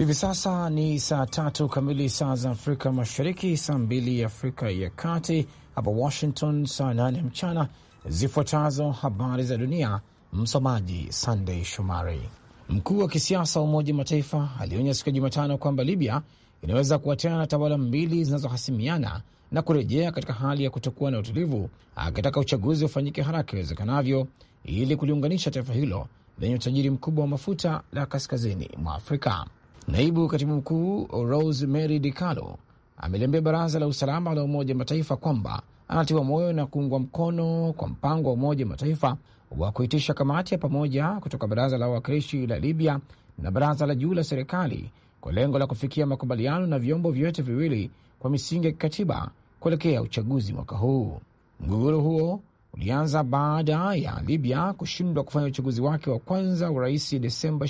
Hivi sasa ni saa tatu kamili saa za Afrika Mashariki, saa mbili Afrika ya Kati, hapa Washington saa nane mchana. Zifuatazo habari za dunia, msomaji Sandey Shomari. Mkuu wa kisiasa wa Umoja Mataifa alionya siku ya Jumatano kwamba Libya inaweza kuachana na tawala mbili zinazohasimiana na kurejea katika hali ya kutokuwa na utulivu, akitaka uchaguzi ufanyike haraka iwezekanavyo ili kuliunganisha taifa hilo lenye utajiri mkubwa wa mafuta la kaskazini mwa Afrika. Naibu katibu mkuu rose Rosemary DiCarlo ameliambia baraza la usalama la Umoja Mataifa kwamba anatiwa moyo na kuungwa mkono kwa mpango wa Umoja Mataifa wa kuitisha kamati ya pamoja kutoka baraza la wawakilishi la Libya na baraza la juu la serikali kwa lengo la kufikia makubaliano na vyombo vyote viwili kwa misingi ya kikatiba kuelekea uchaguzi mwaka huu. Mgogoro huo ulianza baada ya Libya kushindwa kufanya uchaguzi wake wa kwanza urais Desemba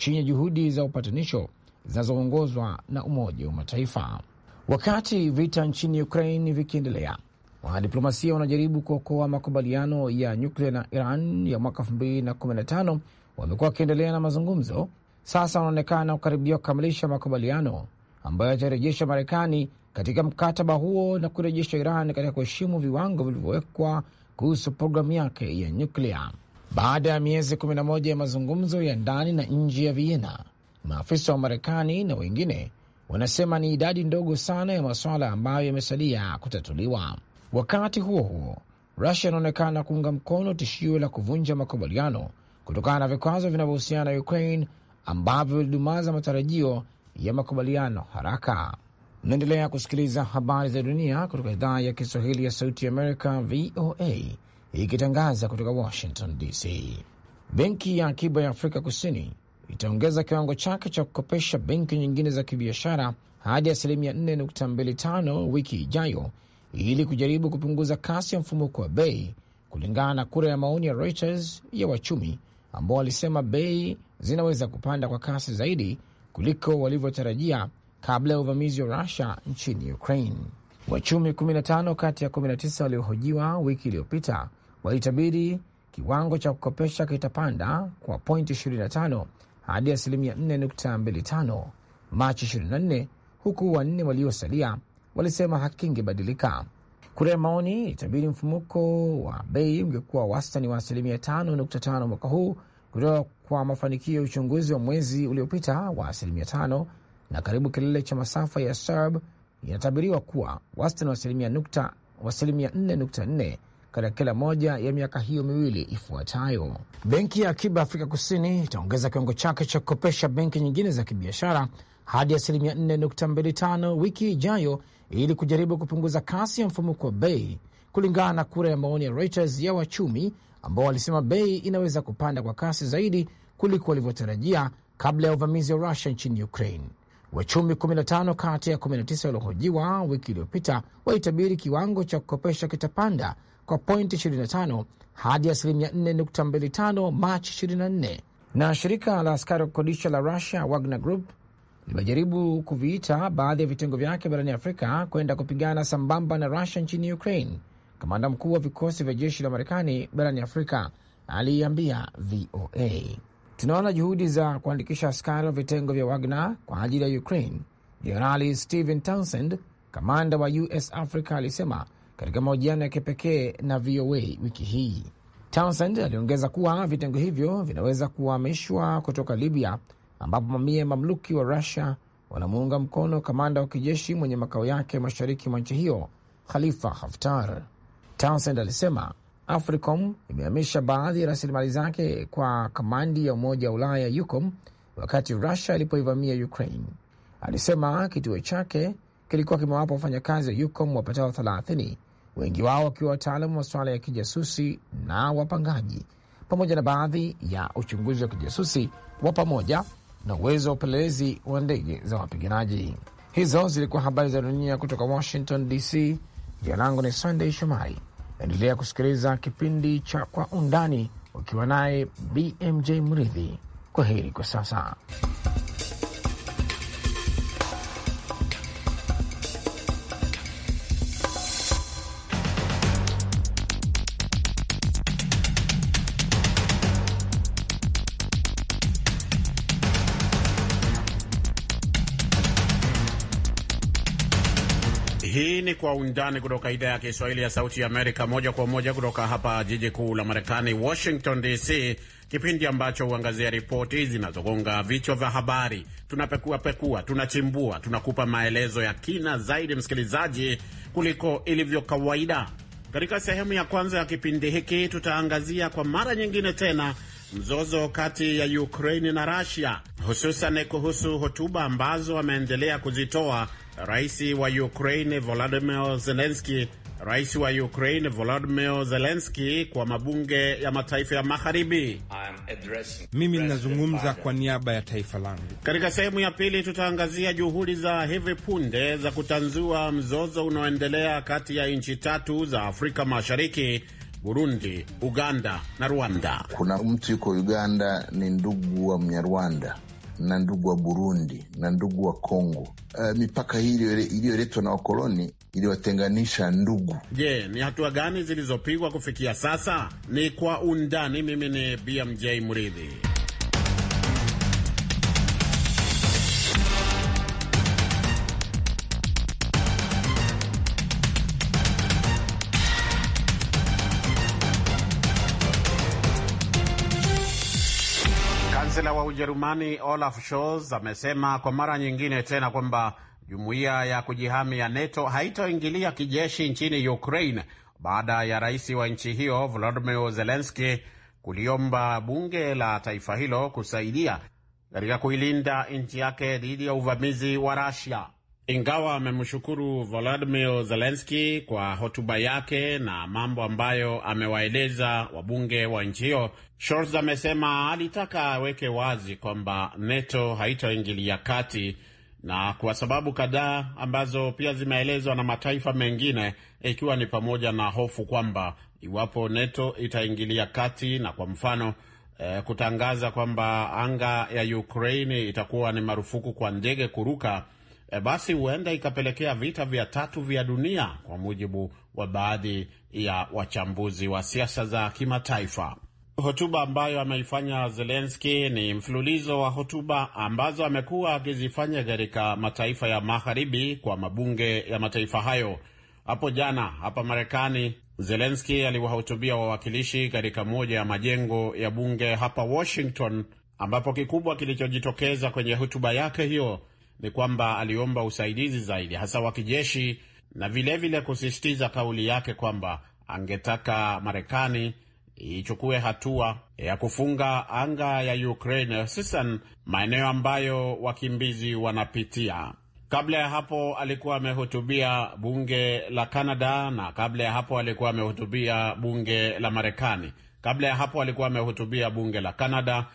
chini ya juhudi za upatanisho zinazoongozwa na Umoja wa Mataifa. Wakati vita nchini Ukraine vikiendelea, wanadiplomasia wanajaribu kuokoa makubaliano ya nyuklia na Iran ya mwaka 2015 wamekuwa wakiendelea na mazungumzo. Sasa wanaonekana kukaribia kukamilisha makubaliano ambayo yatarejesha Marekani katika mkataba huo na kurejesha Iran katika kuheshimu viwango vilivyowekwa kuhusu programu yake ya nyuklia. Baada ya miezi 11 ya mazungumzo ya ndani na nje ya Vienna, maafisa wa Marekani na wengine wanasema ni idadi ndogo sana ya masuala ambayo yamesalia kutatuliwa. Wakati huo huo, Rusia inaonekana kuunga mkono tishio la kuvunja makubaliano kutokana na vikwazo vinavyohusiana na Ukraine ambavyo vilidumaza matarajio ya makubaliano haraka. Mnaendelea kusikiliza habari za dunia kutoka idhaa ya Kiswahili ya Sauti ya Amerika, VOA ikitangaza kutoka Washington DC. Benki ya Akiba ya Afrika Kusini itaongeza kiwango chake cha kukopesha benki nyingine za kibiashara hadi asilimia 4.25 wiki ijayo ili kujaribu kupunguza kasi ya mfumuko wa bei, kulingana na kura ya maoni ya Reuters ya wachumi ambao walisema bei zinaweza kupanda kwa kasi zaidi kuliko walivyotarajia kabla ya uvamizi wa Rusia nchini Ukraine. Wachumi 15 kati ya 19 waliohojiwa wiki iliyopita walitabiri kiwango cha kukopesha kitapanda kwa pointi 25 hadi asilimia 4.25 Machi 24, huku wanne waliosalia walisema hakingebadilika. Kura ya maoni ilitabiri mfumuko wa bei ungekuwa wastani wa asilimia 5.5 mwaka huu kutoka kwa mafanikio ya uchunguzi wa mwezi uliopita wa asilimia 5, na karibu kilele cha masafa ya SERB inatabiriwa kuwa wastani wa asilimia 4.4 katika kila moja ya miaka hiyo miwili ifuatayo. Benki ya Akiba Afrika Kusini itaongeza kiwango chake cha kukopesha benki nyingine za kibiashara hadi asilimia 4.25 wiki ijayo ili kujaribu kupunguza kasi ya mfumuko wa bei, kulingana na kura ya maoni ya Reuters ya wachumi ambao walisema bei inaweza kupanda kwa kasi zaidi kuliko walivyotarajia kabla ya uvamizi wa Rusia nchini Ukraine. Wachumi 15 kati ya 19 waliohojiwa wiki iliyopita walitabiri kiwango cha kukopesha kitapanda kwa pointi 25 hadi asilimia 4.25 Machi 24. Na shirika la askari wa kukodisha la Russia Wagner Group limejaribu kuviita baadhi ya vitengo vyake barani Afrika kwenda kupigana sambamba na Russia nchini Ukraine. Kamanda mkuu wa vikosi vya jeshi la Marekani barani Afrika aliiambia VOA, tunaona juhudi za kuandikisha askari wa vitengo vya Wagner kwa ajili ya Ukraine, Jenerali Stephen Townsend, kamanda wa US Africa, alisema katika mahojiano ya kipekee na VOA wiki hii. Townsend aliongeza kuwa vitengo hivyo vinaweza kuhamishwa kutoka Libya, ambapo mamia ya mamluki wa Rusia wanamuunga mkono kamanda wa kijeshi mwenye makao yake mashariki mwa nchi hiyo, Khalifa Haftar. Townsend alisema AFRICOM imehamisha baadhi ya rasilimali zake kwa kamandi ya Umoja wa Ulaya UCOM wakati Rusia ilipoivamia Ukraine. Alisema kituo chake kilikuwa kimewapa wafanyakazi wa UCOM wapatao 30 wengi wao wakiwa wataalamu wa swala ya kijasusi na wapangaji, pamoja na baadhi ya uchunguzi wa kijasusi wa pamoja na uwezo wa upelelezi wa ndege za wapiganaji. Hizo zilikuwa habari za dunia kutoka Washington DC. Jina langu ni sandey Shomari. Endelea kusikiliza kipindi cha Kwa Undani ukiwa naye BMJ Mridhi. Kwa heri kwa sasa. ni Kwa Undani kutoka idhaa ya Kiswahili ya Sauti ya Amerika, moja kwa moja kutoka hapa jiji kuu la Marekani, Washington DC, kipindi ambacho huangazia ripoti zinazogonga vichwa vya habari. Tunapekuapekua, tunachimbua, tunakupa maelezo ya kina zaidi, msikilizaji, kuliko ilivyo kawaida. Katika sehemu ya kwanza ya kipindi hiki, tutaangazia kwa mara nyingine tena mzozo kati ya Ukraini na Rasia, hususan kuhusu hotuba ambazo wameendelea kuzitoa rais wa Ukraine Volodymyr Zelensky Rais wa Ukraine Volodymyr Zelensky kwa mabunge ya mataifa ya magharibi. Mimi ninazungumza kwa niaba ya taifa langu. Katika sehemu ya pili, tutaangazia juhudi za hivi punde za kutanzua mzozo unaoendelea kati ya nchi tatu za Afrika Mashariki, Burundi, Uganda na Rwanda. Kuna mtu yuko Uganda ni ndugu wa Mnyarwanda na ndugu wa Burundi na ndugu wa Kongo. Uh, mipaka hii iliyoletwa na wakoloni iliwatenganisha ndugu. Je, ni hatua gani zilizopigwa kufikia sasa? Ni kwa undani. Mimi ni BMJ Mridhi. Kansela wa Ujerumani Olaf Scholz amesema kwa mara nyingine tena kwamba jumuiya ya kujihami ya NATO haitoingilia kijeshi nchini Ukraine baada ya rais wa nchi hiyo Volodymyr Zelensky kuliomba bunge la taifa hilo kusaidia katika kuilinda nchi yake dhidi ya uvamizi wa Russia. Ingawa amemshukuru Volodymyr Zelensky kwa hotuba yake na mambo ambayo amewaeleza wabunge wa nchi hiyo, Scholz amesema alitaka aweke wazi kwamba NATO haitaingilia kati na kwa sababu kadhaa ambazo pia zimeelezwa na mataifa mengine, ikiwa ni pamoja na hofu kwamba iwapo NATO itaingilia kati na kwa mfano eh, kutangaza kwamba anga ya Ukraini itakuwa ni marufuku kwa ndege kuruka e, basi huenda ikapelekea vita vya tatu vya dunia, kwa mujibu wa baadhi ya wachambuzi wa siasa za kimataifa. Hotuba ambayo ameifanya Zelenski ni mfululizo wa hotuba ambazo amekuwa akizifanya katika mataifa ya magharibi kwa mabunge ya mataifa hayo. Hapo jana hapa Marekani, Zelenski aliwahutubia wawakilishi katika moja ya majengo ya bunge hapa Washington, ambapo kikubwa kilichojitokeza kwenye hotuba yake hiyo ni kwamba aliomba usaidizi zaidi, hasa wa kijeshi, na vilevile kusisitiza kauli yake kwamba angetaka Marekani ichukue hatua ya kufunga anga ya Ukraine, hususan maeneo ambayo wakimbizi wanapitia. Kabla ya hapo alikuwa amehutubia bunge la Canada, na kabla ya hapo alikuwa amehutubia bunge la Marekani. Kabla ya hapo alikuwa amehutubia bunge la Canada,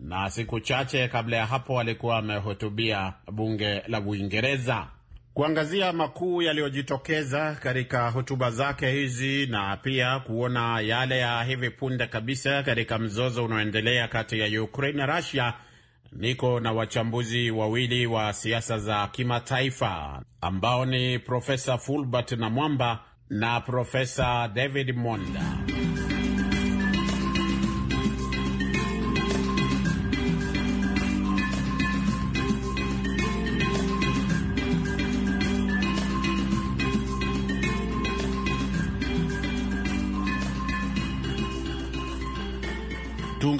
na siku chache kabla ya hapo alikuwa amehutubia bunge la Uingereza. Kuangazia makuu yaliyojitokeza katika hotuba zake hizi na pia kuona yale ya hivi punde kabisa katika mzozo unaoendelea kati ya Ukraine na Russia, niko na wachambuzi wawili wa siasa za kimataifa ambao ni Profesa Fulbert na Mwamba na Profesa David Monda.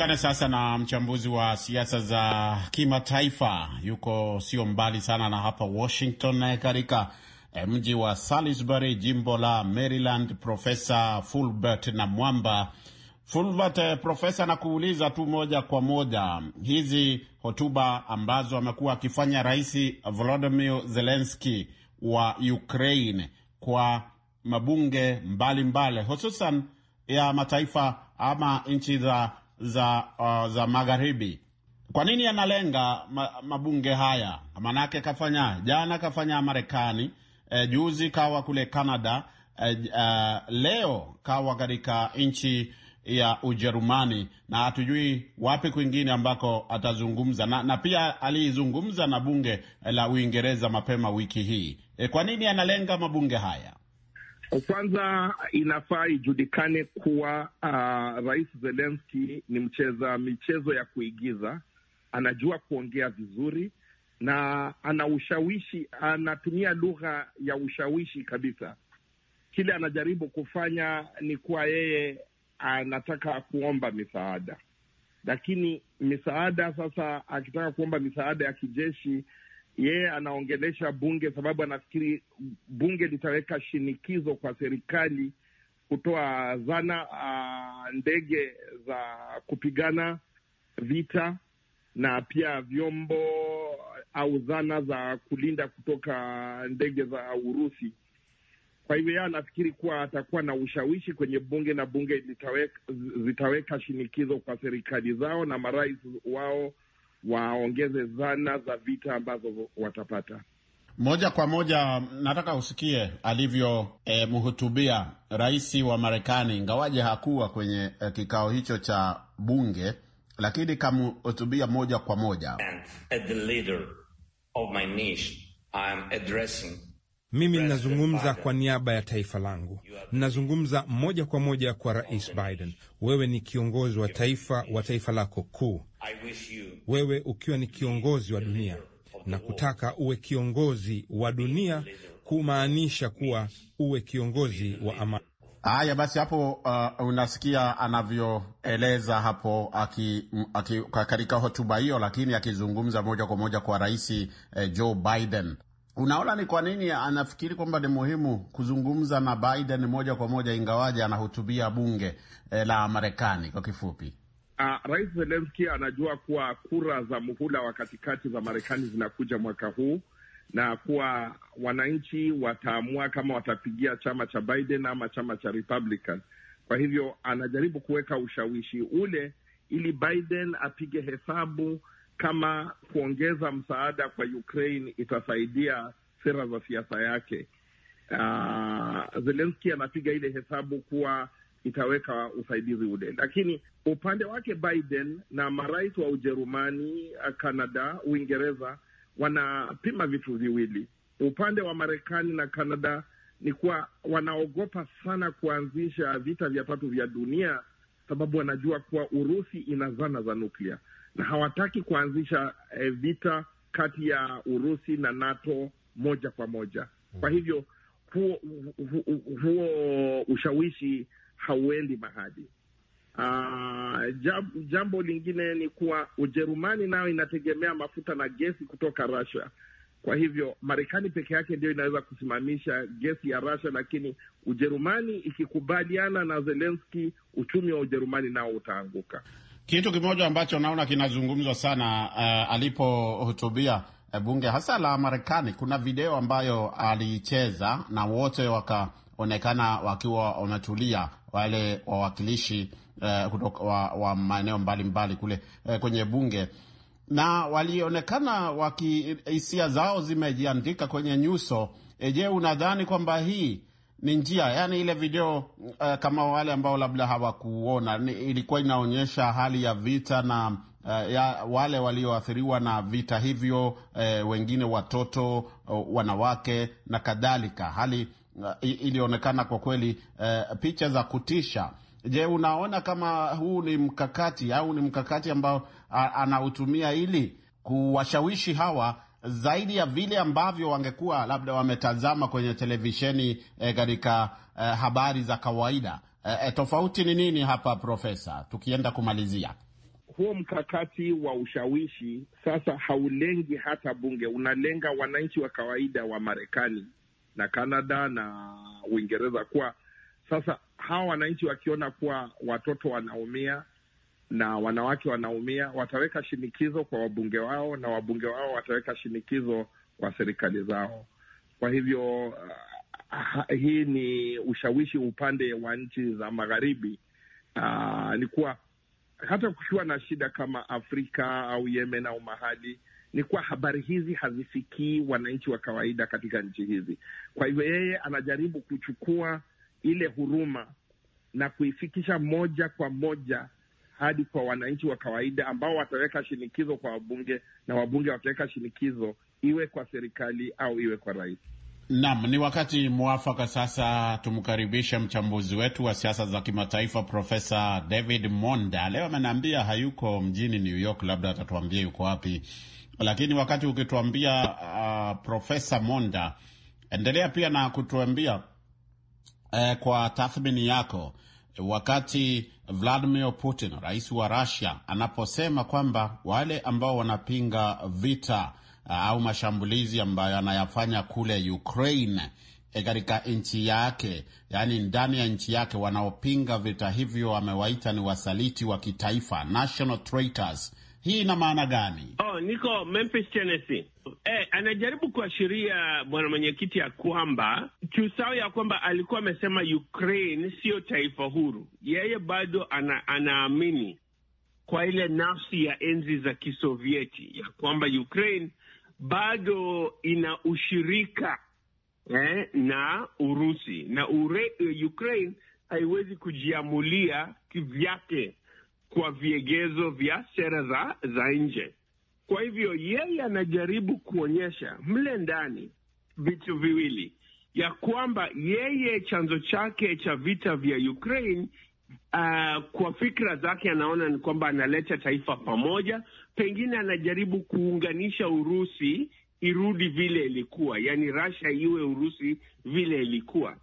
Tuungane sasa na mchambuzi wa siasa za kimataifa, yuko sio mbali sana na hapa Washington, katika eh, mji wa Salisbury, jimbo la Maryland, Profesa Fulbert na Mwamba. Fulbert, eh, profesa, nakuuliza tu moja kwa moja, hizi hotuba ambazo amekuwa akifanya Rais Volodymyr Zelensky wa Ukraine kwa mabunge mbalimbali, hususan ya mataifa ama nchi za za, uh, za magharibi. Kwa nini analenga ma, mabunge haya? Manake kafanya jana, kafanya Marekani eh, juzi kawa kule Canada eh, uh, leo kawa katika nchi ya Ujerumani na hatujui wapi kwingine ambako atazungumza na, na pia aliizungumza na bunge eh, la Uingereza mapema wiki hii. E, kwa nini analenga mabunge haya? Kwanza inafaa ijulikane kuwa uh, Rais Zelenski ni mcheza michezo ya kuigiza, anajua kuongea vizuri na ana ushawishi, anatumia lugha ya ushawishi kabisa. Kile anajaribu kufanya ni kuwa yeye anataka kuomba misaada, lakini misaada sasa, akitaka kuomba misaada ya kijeshi yeye yeah, anaongelesha bunge sababu anafikiri bunge litaweka shinikizo kwa serikali kutoa zana uh, ndege za kupigana vita na pia vyombo au zana za kulinda kutoka ndege za Urusi. Kwa hivyo yeye anafikiri kuwa atakuwa na ushawishi kwenye bunge na bunge litaweka, zitaweka shinikizo kwa serikali zao na marais wao waongeze zana za vita ambazo watapata. Moja kwa moja nataka usikie alivyomhutubia eh, e, rais wa Marekani, ingawaje hakuwa kwenye e, kikao hicho cha bunge, lakini kamhutubia moja kwa moja. And at the mimi ninazungumza kwa niaba ya taifa langu, ninazungumza moja kwa moja kwa Rais Biden. Wewe ni kiongozi wa taifa wa taifa lako kuu, wewe ukiwa ni kiongozi wa dunia, na kutaka uwe kiongozi wa dunia kumaanisha kuwa uwe kiongozi wa amani. Haya basi, hapo uh, unasikia anavyoeleza hapo aki, aki, katika hotuba hiyo, lakini akizungumza moja kwa moja kwa rais eh, Joe Biden. Unaona ni kwa nini anafikiri kwamba ni muhimu kuzungumza na Biden moja kwa moja, ingawaje anahutubia bunge eh, la Marekani kwa kifupi. Uh, Rais Zelenski anajua kuwa kura za muhula wa katikati za Marekani zinakuja mwaka huu na kuwa wananchi wataamua kama watapigia chama cha Biden ama chama cha Republican. Kwa hivyo anajaribu kuweka ushawishi ule ili Biden apige hesabu kama kuongeza msaada kwa Ukraine itasaidia sera za siasa yake. Uh, ah, Zelenski anapiga ile hesabu kuwa itaweka usaidizi ule, lakini upande wake Biden na marais wa Ujerumani, Kanada, Uingereza wanapima vitu viwili. Upande wa Marekani na Kanada ni kuwa wanaogopa sana kuanzisha vita vya tatu vya dunia, sababu wanajua kuwa Urusi ina zana za nuklia na hawataki kuanzisha eh, vita kati ya Urusi na NATO moja kwa moja. Kwa mm-hmm. hivyo huo, huo, huo ushawishi hauendi mahali. Uh, jambo lingine ni kuwa Ujerumani nayo inategemea mafuta na gesi kutoka Russia. Kwa hivyo Marekani peke yake ndio inaweza kusimamisha gesi ya Russia, lakini Ujerumani ikikubaliana na Zelensky, uchumi wa Ujerumani nao utaanguka. Kitu kimoja ambacho naona kinazungumzwa sana uh, alipohutubia eh, bunge hasa la Marekani, kuna video ambayo alicheza na wote wakaonekana wakiwa wametulia, wale wawakilishi uh, wa, wa maeneo mbalimbali kule uh, kwenye bunge, na walionekana waki hisia zao zimejiandika kwenye nyuso. Je, unadhani kwamba hii ni njia yani, ile video uh, kama wale ambao labda hawakuona ilikuwa inaonyesha hali ya vita na uh, ya wale walioathiriwa na vita hivyo, uh, wengine watoto, uh, wanawake na kadhalika. Hali uh, ilionekana kwa kweli, uh, picha za kutisha. Je, unaona kama huu ni mkakati au ni mkakati ambao anautumia ili kuwashawishi hawa zaidi ya vile ambavyo wangekuwa labda wametazama kwenye televisheni eh, katika e, e, habari za kawaida. E, tofauti ni nini hapa Profesa, tukienda kumalizia huo mkakati wa ushawishi sasa haulengi hata bunge, unalenga wananchi wa kawaida wa Marekani na Kanada na Uingereza. Kuwa sasa hawa wananchi wakiona kuwa watoto wanaumia, na wanawake wanaumia, wataweka shinikizo kwa wabunge wao na wabunge wao wataweka shinikizo kwa serikali zao. Kwa hivyo uh, hii ni ushawishi upande wa nchi za magharibi uh, ni kuwa hata kukiwa na shida kama Afrika au Yemen au mahali ni kuwa habari hizi hazifikii wananchi wa kawaida katika nchi hizi. Kwa hivyo yeye anajaribu kuchukua ile huruma na kuifikisha moja kwa moja hadi kwa wananchi wa kawaida ambao wataweka shinikizo kwa wabunge na wabunge wataweka shinikizo iwe kwa serikali au iwe kwa rais. Naam, ni wakati mwafaka sasa tumkaribishe mchambuzi wetu wa siasa za kimataifa Profesa David Monda. Leo ameniambia hayuko mjini New York, labda atatuambia yuko wapi, lakini wakati ukituambia uh, Profesa Monda, endelea pia na kutuambia uh, kwa tathmini yako wakati Vladimir Putin, rais wa Russia, anaposema kwamba wale ambao wanapinga vita uh, au mashambulizi ambayo anayafanya kule Ukraine eh, katika nchi yake, yaani ndani ya nchi yake, wanaopinga vita hivyo wamewaita ni wasaliti wa kitaifa, national traitors hii ina maana gani? Oh, niko Memphis, Tennessee. Eh, anajaribu kuashiria bwana mwenyekiti ya kwamba tusao ya kwamba alikuwa amesema Ukraine siyo taifa huru, yeye bado ana, anaamini kwa ile nafsi ya enzi za Kisovieti ya kwamba Ukraine bado ina ushirika eh, na Urusi na ure, eh, Ukraine haiwezi kujiamulia kivyake kwa viegezo vya sera za, za nje. Kwa hivyo yeye anajaribu kuonyesha mle ndani vitu viwili, ya kwamba yeye chanzo chake cha vita vya Ukraine Uh, kwa fikra zake anaona ni kwamba analeta taifa pamoja, pengine anajaribu kuunganisha Urusi irudi vile ilikuwa, yaani Russia iwe Urusi vile ilikuwa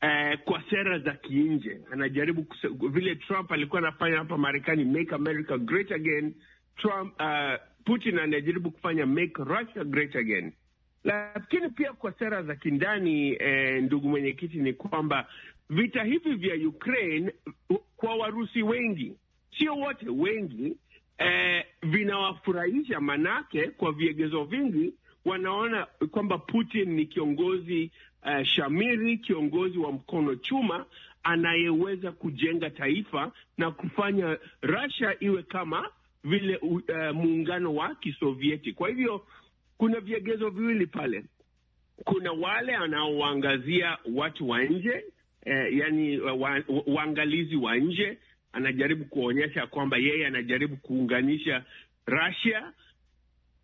eh, kwa sera za kinje anajaribu kuse, vile Trump alikuwa anafanya hapa Marekani, make America great again. Trump uh, Putin anajaribu kufanya make Russia great again. Lakini pia kwa sera za kindani eh, ndugu mwenyekiti, ni kwamba vita hivi vya Ukraine kwa Warusi wengi, sio wote, wengi eh, vinawafurahisha, manake kwa viegezo vingi wanaona kwamba Putin ni kiongozi uh, shamiri, kiongozi wa mkono chuma anayeweza kujenga taifa na kufanya Russia iwe kama vile uh, muungano wa Kisovieti. Kwa hivyo kuna viegezo viwili pale. Kuna wale anaowaangazia watu wa nje eh, yani wa, waangalizi wa nje, anajaribu kuonyesha kwamba yeye anajaribu kuunganisha Russia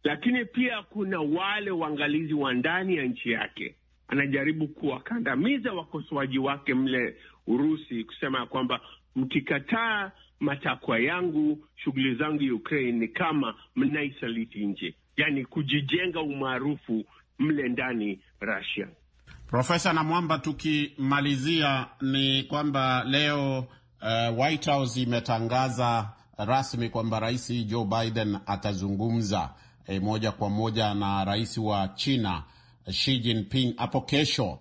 lakini pia kuna wale waangalizi wa ndani ya nchi yake. Anajaribu kuwakandamiza wakosoaji wake mle Urusi, kusema kwamba mkikataa matakwa yangu, shughuli zangu Ukraine, ni kama mnaisaliti nje, yani kujijenga umaarufu mle ndani Russia. Profesa Namwamba, tukimalizia ni kwamba leo uh, White House imetangaza rasmi kwamba Rais Joe Biden atazungumza e, moja kwa moja na rais wa China Xi Jinping hapo kesho,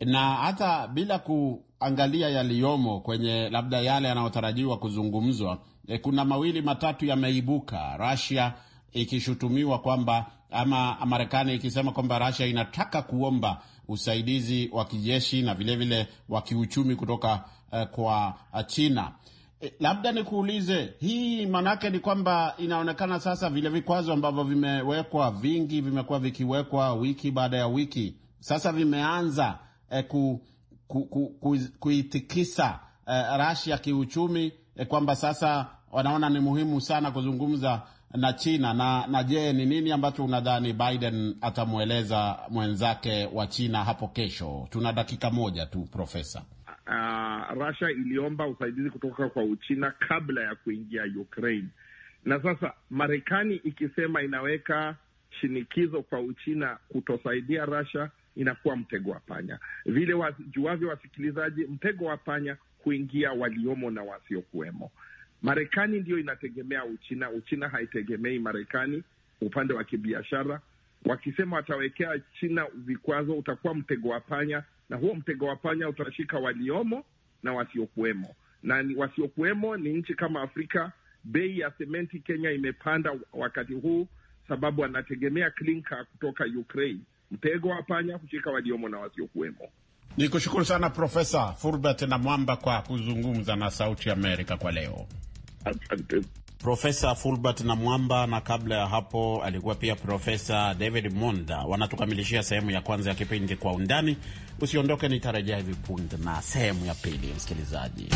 na hata bila kuangalia yaliyomo kwenye labda yale yanayotarajiwa kuzungumzwa e, kuna mawili matatu yameibuka, Russia ikishutumiwa kwamba ama Marekani ikisema kwamba Russia inataka kuomba usaidizi wa kijeshi na vilevile wa kiuchumi kutoka uh, kwa China. Eh, labda nikuulize hii, maanake ni kwamba inaonekana sasa vile vikwazo ambavyo vimewekwa vingi, vimekuwa vikiwekwa wiki baada ya wiki, sasa vimeanza eh, ku, ku, ku, ku, kuitikisa eh, Russia kiuchumi eh, kwamba sasa wanaona ni muhimu sana kuzungumza na China na, na je, ni nini ambacho unadhani Biden atamweleza mwenzake wa China hapo kesho? Tuna dakika moja tu, Profesa uh, Russia iliomba usaidizi kutoka kwa Uchina kabla ya kuingia Ukraine, na sasa Marekani ikisema inaweka shinikizo kwa Uchina kutosaidia Russia inakuwa mtego wa panya. Vile wajuavyo wasikilizaji, mtego wa panya huingia waliomo na wasiokuwemo. Marekani ndiyo inategemea Uchina, Uchina haitegemei Marekani upande wa kibiashara. Wakisema watawekea China vikwazo, utakuwa mtego wa panya na huo mtego wa panya utashika waliomo na wasiokuwemo, na wasiokuwemo ni nchi kama Afrika. Bei ya sementi Kenya imepanda wakati huu sababu anategemea klinka kutoka Ukraine. Mtego wa panya hushika waliomo na wasiokuwemo. Ni kushukuru sana Profesa Fulbert na Mwamba kwa kuzungumza na Sauti Amerika kwa leo. Asante. Profesa Fulbert na Mwamba na kabla ya hapo alikuwa pia Profesa David Monda wanatukamilishia sehemu ya kwanza ya kipindi Kwa Undani. Usiondoke, nitarejea hivi punde na sehemu ya pili, msikilizaji.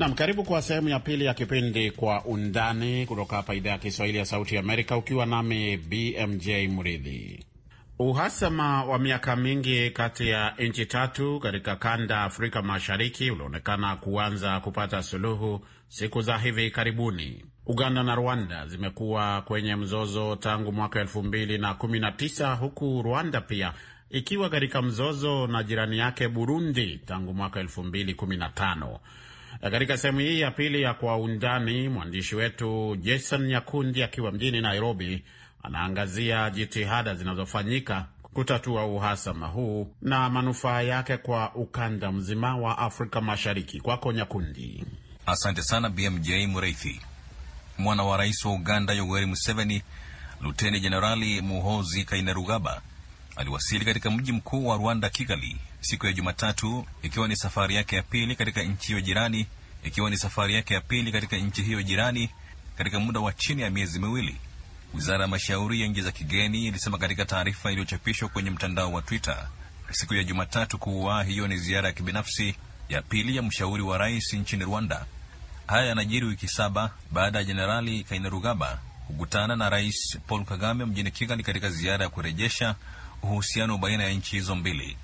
Nam, karibu kwa sehemu ya pili ya kipindi Kwa Undani kutoka hapa idhaa ya Kiswahili ya Sauti Amerika, ukiwa nami BMJ Mridhi. Uhasama wa miaka mingi kati ya nchi tatu katika kanda Afrika Mashariki ulionekana kuanza kupata suluhu siku za hivi karibuni. Uganda na Rwanda zimekuwa kwenye mzozo tangu mwaka elfu mbili na kumi na tisa huku Rwanda pia ikiwa katika mzozo na jirani yake Burundi tangu mwaka elfu mbili kumi na tano. Katika sehemu hii ya pili ya Kwa Undani, mwandishi wetu Jason Nyakundi akiwa mjini Nairobi anaangazia jitihada zinazofanyika kutatua uhasama huu na manufaa yake kwa ukanda mzima wa Afrika Mashariki. Kwako Nyakundi. Asante sana BMJ Mureithi. Mwana wa rais wa Uganda Yoweri Museveni, Luteni Jenerali Muhozi Kainerugaba aliwasili katika mji mkuu wa Rwanda, Kigali, siku ya Jumatatu, ikiwa ni safari yake ya pili katika nchi hiyo jirani, ikiwa ni safari yake ya pili katika nchi hiyo jirani katika muda wa chini ya miezi miwili. Wizara ya mashauri ya nchi za kigeni ilisema katika taarifa iliyochapishwa kwenye mtandao wa Twitter siku ya Jumatatu kuwa hiyo ni ziara ya kibinafsi ya pili ya mshauri wa rais nchini Rwanda. Haya yanajiri wiki saba baada ya Jenerali Kainerugaba kukutana na Rais Paul Kagame mjini Kigali katika ziara ya kurejesha uhusiano baina ya nchi hizo mbili.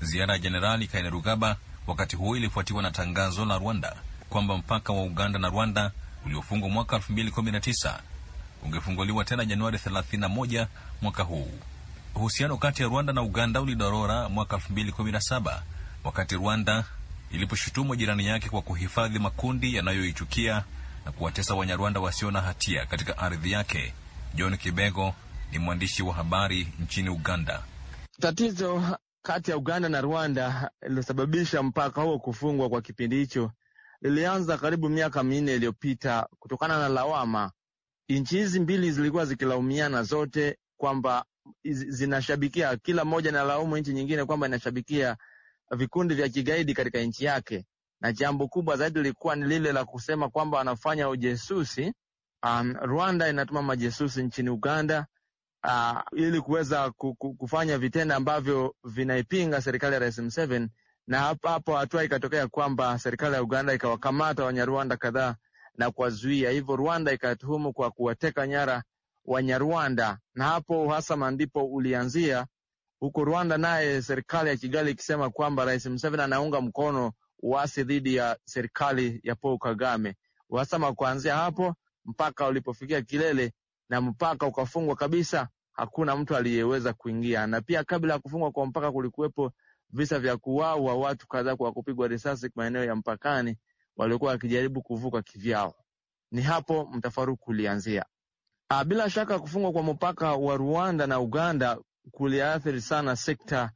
Ziara ya Jenerali Kainerugaba wakati huo ilifuatiwa na tangazo la Rwanda kwamba mpaka wa Uganda na Rwanda uliofungwa mwaka 2019 ungefunguliwa tena Januari 31 mwaka huu. Uhusiano kati ya Rwanda na Uganda ulidorora mwaka 2017 wakati Rwanda iliposhutumwa jirani yake kwa kuhifadhi makundi yanayoichukia na kuwatesa Wanyarwanda wasio na hatia katika ardhi yake. John Kibego ni mwandishi wa habari nchini Uganda. Tatizo kati ya Uganda na Rwanda lililosababisha mpaka huo kufungwa kwa kipindi hicho lilianza karibu miaka minne iliyopita kutokana na lawama. Nchi hizi mbili zilikuwa zikilaumiana zote kwamba zinashabikia, kila mmoja analaumu nchi nyingine kwamba inashabikia vikundi vya kigaidi katika nchi yake, na jambo kubwa zaidi lilikuwa ni lile la kusema kwamba wanafanya ujesusi. Um, Rwanda inatuma majesusi nchini Uganda uh, ili kuweza kufanya vitendo ambavyo vinaipinga serikali ya Rais Museveni, na hapo hapo hatua ikatokea kwamba serikali ya Uganda ikawakamata Wanyarwanda kadhaa na kuwazuia, hivyo Rwanda ikatuhumu kwa kuwateka nyara Wanyarwanda, na hapo uhasama ndipo ulianzia huko Rwanda, naye serikali ya Kigali ikisema kwamba Rais Museveni anaunga mkono uasi dhidi ya serikali ya Paul Kagame. Uhasama kuanzia hapo mpaka ulipofikia kilele na mpaka ukafungwa kabisa hakuna mtu aliyeweza kuingia, na pia kabla ya kufungwa kwa mpaka kulikuwepo visa vya kuwaua watu kadhaa kwa kupigwa risasi maeneo ya mpakani waliokuwa wakijaribu kuvuka kivyao. Ni hapo mtafaruku ulianzia. Ah, bila shaka kufungwa kwa mpaka wa Rwanda na Uganda kuliathiri sana sekta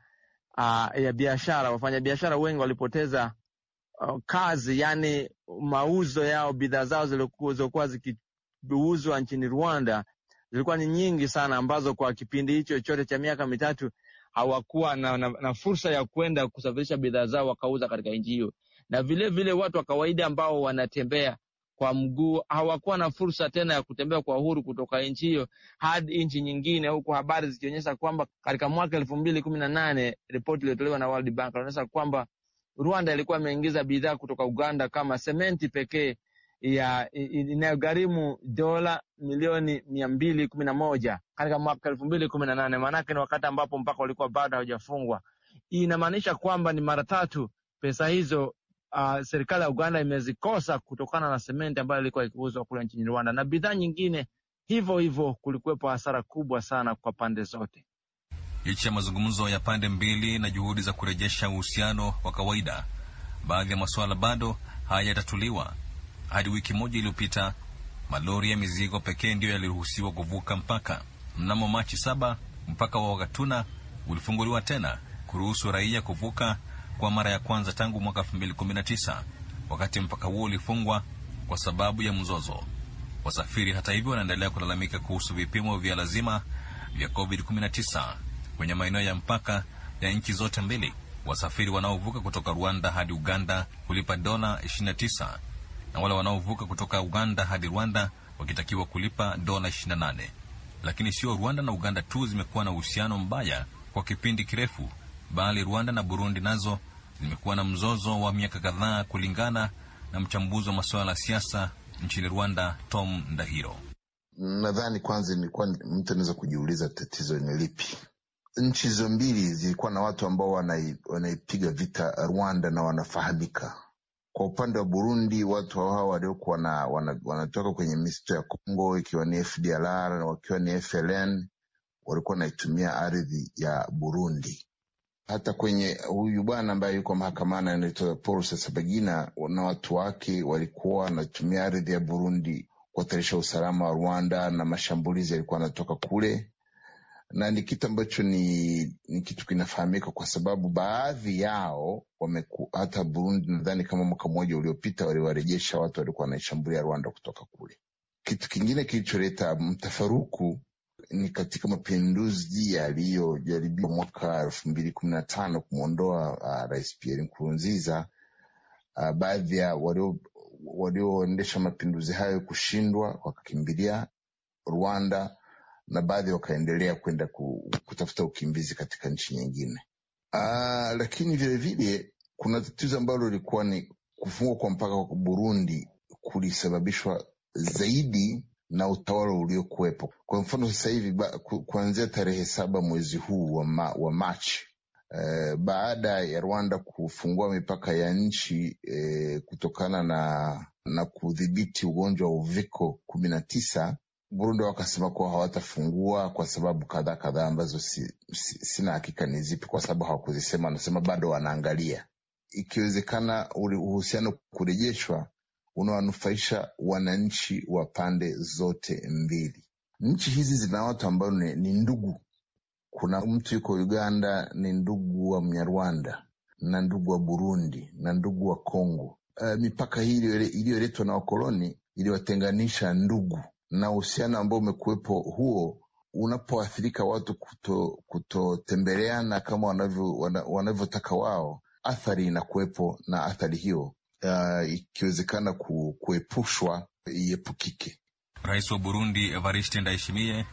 a, ah, ya biashara. Wafanyabiashara wengi walipoteza a, ah, kazi, yani mauzo yao, bidhaa zao zilizokuwa zikiuzwa nchini Rwanda zilikuwa ni nyingi sana, ambazo kwa kipindi hicho chote cha miaka mitatu hawakuwa na, na, na fursa ya kwenda kusafirisha bidhaa zao wakauza katika nchi hiyo, na vilevile vile watu wa kawaida ambao wanatembea kwa mguu hawakuwa na fursa tena ya kutembea kwa uhuru kutoka nchi hiyo hadi nchi nyingine, huku habari zikionyesha kwamba katika mwaka elfu mbili kumi na nane ripoti iliyotolewa na World Bank inaonyesha kwamba Rwanda ilikuwa imeingiza bidhaa kutoka Uganda kama sementi pekee ya inayogharimu dola milioni mia mbili kumi na moja katika mwaka elfu mbili kumi na nane maanake ni wakati ambapo mpaka ulikuwa bado haujafungwa. Inamaanisha kwamba ni mara tatu pesa hizo uh, serikali ya Uganda imezikosa kutokana na sementi ambayo ilikuwa ikiuzwa kule nchini Rwanda na bidhaa nyingine hivyo hivyo. Kulikuwepo hasara kubwa sana kwa pande zote. Licha ya mazungumzo ya pande mbili na juhudi za kurejesha uhusiano wa kawaida, baadhi ya masuala bado hayatatuliwa hadi wiki moja iliyopita, malori ya mizigo pekee ndiyo yaliruhusiwa kuvuka mpaka. Mnamo Machi saba, mpaka wa Wagatuna ulifunguliwa tena kuruhusu raia kuvuka kwa mara ya kwanza tangu mwaka tisa wakati mpaka huo ulifungwa kwa sababu ya mzozo. Wasafiri hata hivyo, wanaendelea kulalamika kuhusu vipimo vya lazima vya COVID-19 kwenye maeneo ya mpaka ya nchi zote mbili. Wasafiri wanaovuka kutoka Rwanda hadi Uganda kulipa dola tisa na wale wanaovuka kutoka Uganda hadi Rwanda wakitakiwa kulipa dola 28. Lakini sio Rwanda na Uganda tu zimekuwa na uhusiano mbaya kwa kipindi kirefu, bali Rwanda na Burundi nazo zimekuwa na mzozo wa miaka kadhaa, kulingana na mchambuzi wa masuala ya siasa nchini Rwanda Tom Ndahiro. Nadhani kwanza ilikuwa mtu anaweza kujiuliza tatizo ni lipi. Nchi hizo mbili zilikuwa na watu ambao wanaipiga vita Rwanda na wanafahamika kwa upande wa Burundi watu hawa waliokuwa wana, wanatoka kwenye misitu ya Kongo ikiwa ni FDLR wakiwa ni FLN walikuwa wanaitumia ardhi ya Burundi. Hata kwenye huyu bwana ambaye yuko mahakamani anaitwa Paul Rusesabagina na watu wake walikuwa wanatumia ardhi ya Burundi kuhatarisha usalama wa Rwanda na mashambulizi yalikuwa yanatoka kule na ni kitu ambacho ni, ni kitu kinafahamika kwa sababu baadhi yao wameku, hata Burundi nadhani kama mwaka mmoja uliopita waliwarejesha watu walikuwa wanaishambulia Rwanda kutoka kule. Kitu kingine kilicholeta mtafaruku ni katika mapinduzi yaliyojaribiwa mwaka elfu mbili kumi na tano kumwondoa uh, Rais Pierre Nkurunziza. Uh, baadhi ya walioendesha mapinduzi hayo kushindwa wakakimbilia Rwanda na baadhi wakaendelea kwenda ku, kutafuta ukimbizi katika nchi nyingine. Aa, ah, lakini vilevile kuna tatizo ambalo lilikuwa ni kufungwa kwa mpaka wa Burundi kulisababishwa zaidi na utawala uliokuwepo. Kwa mfano sasa hivi kuanzia tarehe saba mwezi huu wa, ma, wa Machi e, eh, baada ya Rwanda kufungua mipaka ya nchi e, kutokana na na kudhibiti ugonjwa wa uviko kumi na tisa Burundi wakasema kuwa hawatafungua kwa sababu kadhaa kadhaa ambazo si, si, sina hakika ni zipi, kwa sababu hawakuzisema. Anasema bado wanaangalia, ikiwezekana uhusiano kurejeshwa unawanufaisha wananchi wa pande zote mbili. Nchi hizi zina watu ambao ni, ni ndugu. Kuna mtu yuko Uganda ni ndugu wa Mnyarwanda na ndugu wa Burundi na ndugu wa Kongo. Uh, mipaka hii iliyoletwa na wakoloni iliwatenganisha ndugu na uhusiano ambao umekuwepo huo unapoathirika watu kutotembeleana kuto kama wanavyotaka wana, wao, athari inakuwepo na athari hiyo uh, ikiwezekana ku, kuepushwa iepukike. Rais wa Burundi Evariste Ndayishimiye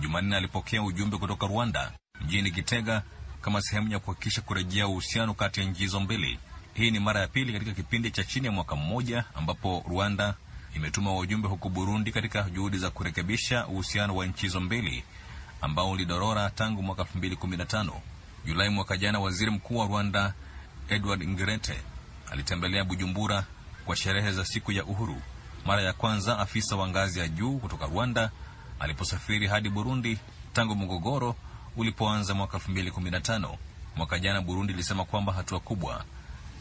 Jumanne alipokea ujumbe kutoka Rwanda mjini Gitega kama sehemu ya kuhakikisha kurejea uhusiano kati ya nchi hizo mbili. Hii ni mara ya pili katika kipindi cha chini ya mwaka mmoja ambapo Rwanda imetuma wajumbe huko Burundi katika juhudi za kurekebisha uhusiano wa nchi hizo mbili ambao ulidorora tangu mwaka 2015. Julai mwaka jana, waziri mkuu wa Rwanda Edward Ngirente alitembelea Bujumbura kwa sherehe za siku ya uhuru, mara ya kwanza afisa wa ngazi ya juu kutoka Rwanda aliposafiri hadi Burundi tangu mgogoro ulipoanza mwaka 2015. Mwaka jana Burundi ilisema kwamba hatua kubwa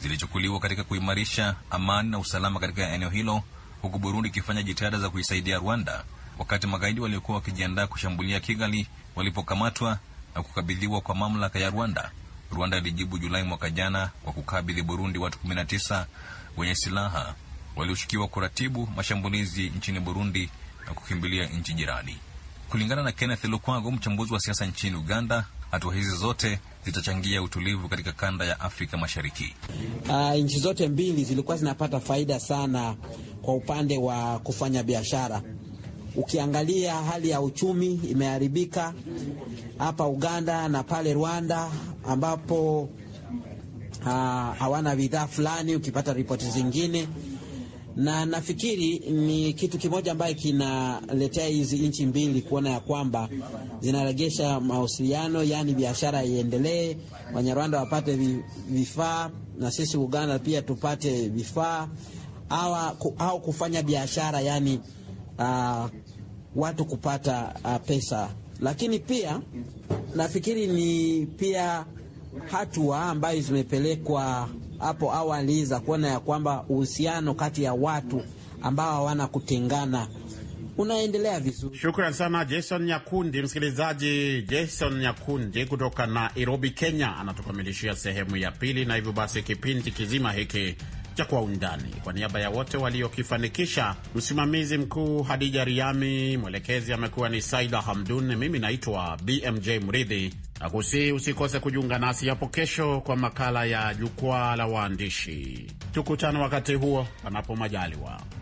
zilichukuliwa katika kuimarisha amani na usalama katika eneo hilo huku Burundi ikifanya jitihada za kuisaidia Rwanda wakati magaidi waliokuwa wakijiandaa kushambulia Kigali walipokamatwa na kukabidhiwa kwa mamlaka ya Rwanda. Rwanda ilijibu Julai mwaka jana kwa kukabidhi Burundi watu 19 wenye silaha walioshukiwa kuratibu mashambulizi nchini Burundi na kukimbilia nchi jirani, kulingana na Kenneth Lukwago, mchambuzi wa siasa nchini Uganda. Hatua hizi zote zitachangia utulivu katika kanda ya Afrika Mashariki. Uh, nchi zote mbili zilikuwa zinapata faida sana kwa upande wa kufanya biashara. Ukiangalia hali ya uchumi imeharibika hapa Uganda na pale Rwanda ambapo uh, hawana bidhaa fulani, ukipata ripoti zingine na nafikiri ni kitu kimoja ambaye kinaletea hizi nchi mbili kuona ya kwamba zinaregesha mawasiliano, yaani biashara iendelee, Wanyarwanda wapate vifaa na sisi Uganda pia tupate vifaa au kufanya biashara, yaani uh, watu kupata uh, pesa. Lakini pia nafikiri ni pia hatua ambayo zimepelekwa hapo awali za kuona ya kwamba uhusiano kati ya watu ambao hawana kutengana unaendelea vizuri. Shukran sana Jason Nyakundi. Msikilizaji, Jason Nyakundi kutoka Nairobi, Kenya, anatukamilishia sehemu ya pili, na hivyo basi kipindi kizima hiki cha Kwa Undani. Kwa niaba ya wote waliokifanikisha, msimamizi mkuu Hadija Riami, mwelekezi amekuwa ni Saida Hamdun, mimi naitwa BMJ Mridhi na kusihi usikose kujiunga nasi hapo kesho kwa makala ya Jukwaa la Waandishi. Tukutane wakati huo, panapo majaliwa.